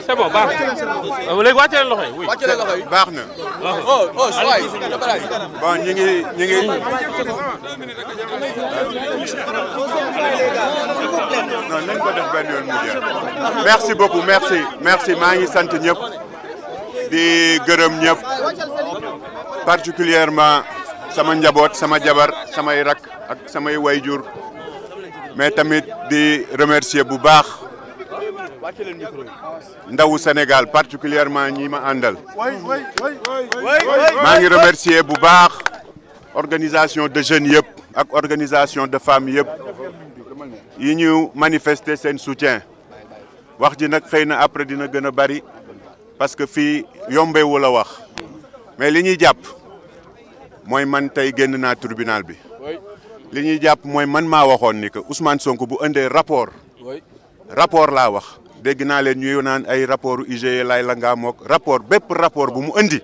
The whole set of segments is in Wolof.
c'est baax na euh, loxo baax na. oh, oh, oh bon ñu ngi ñu ngi. nañ ko def benn yoon mu jeex. merci beaucoup merci maa ngi sant ñëpp di gërëm ñëpp particulièrement sama njaboot sama jabar samay rak ak samay wayjur mais tamit di remercier bu baax. ndawu Sénégal particulièrement ñi ma àndal maa ngi remercier bu baax organisation de jeunes yëpp ak organisation de femmes yëpp yi ñu manifester seen soutien wax ji nag xëy na après dina gën a bari parce que fii yombewu a wax mais li ñuy jàpp mooy man tey génn naa tribunal bi li ñuy jàpp mooy man maa waxoon ni que Ousmane Sonko bu indee rapport rapport laa wax dégg naa leen ñuy naan ay rapport IGE lay la rapport bépp rapport bu mu indi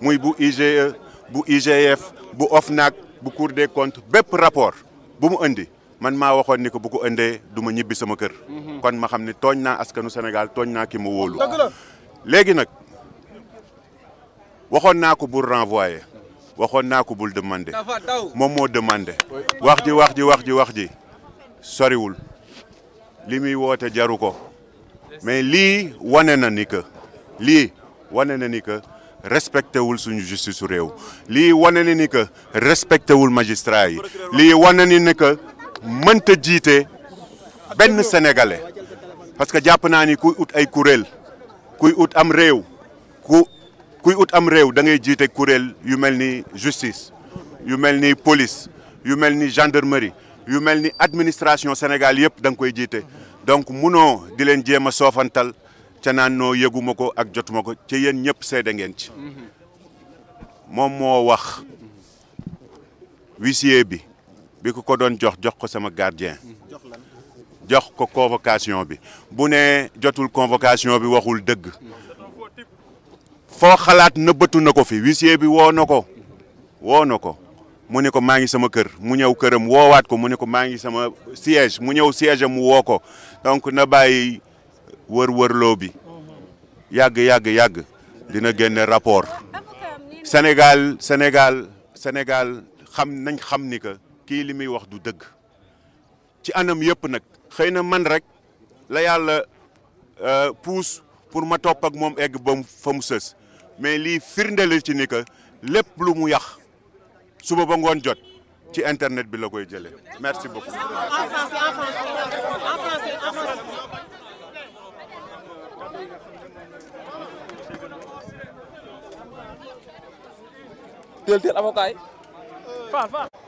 muy bu IGE bu IGF bu OFNAC bu Cour des comptes bépp rapport bu mu indi man maa waxoon ni ko bu ko indee du ma ñibbi sama kër mhm. kon ma xam ne tooñ naa askanu Sénégal tooñ naa ki ma wóolu léegi nag waxoon naa ko bul renvoyer waxoon naa ko bul demander moom moo demander wax ji wax ji wax ji wax ji soriwul li muy woote jaru ko mais lii wane na ni que lii wane na ni que respecté wul suñu justice su réew lii wane na ni que respecté wul magistrat yi lii wane na que mënta jiite benn sénégalais parce que jàpp naa ni kuy ut ay kuréel kuy ut am réew ku kuy ut am réew da ngay jiite kuréel yu mel ni justice yu mel ni police yu mel ni gendarmerie yu mel ni administration Sénégal yëpp da nga koy jiite. donc munoo di leen jéem a soofantal ca naan noo yëguma ko ak jotuma ko ca yéen ñëpp seede ngeen ci moom moo wax huissier bi bi ko ko doon jox jox ko sama gardien jox ko convocation bi bu ne jotul convocation bi waxul dëgg foo xalaat nëbbatu na ko fi huissier bi woo na ko woo na ko mu ne ko maa ngi sama kër mu ñëw këram woowaat ko mu ne ko maa ngi sama siège mu ñëw siège mu woo ko donc na bàyyi wër-wërloo bi yàgg yàgg yàgg dina génne rapport Sénégal Sénégal Sénégal xam nañ xam ni que kii li muy wax du dëgg ci anam yëpp nag xëy na man rek la yàlla euh, pousse pour ma topp ak moom egg ba fa mu sës mais lii firndeel ci ni que lépp lu mu yàq. suba ba ngoon jot ci internet bi la koy jëlee merci beaucoup. teel teel avocat yi.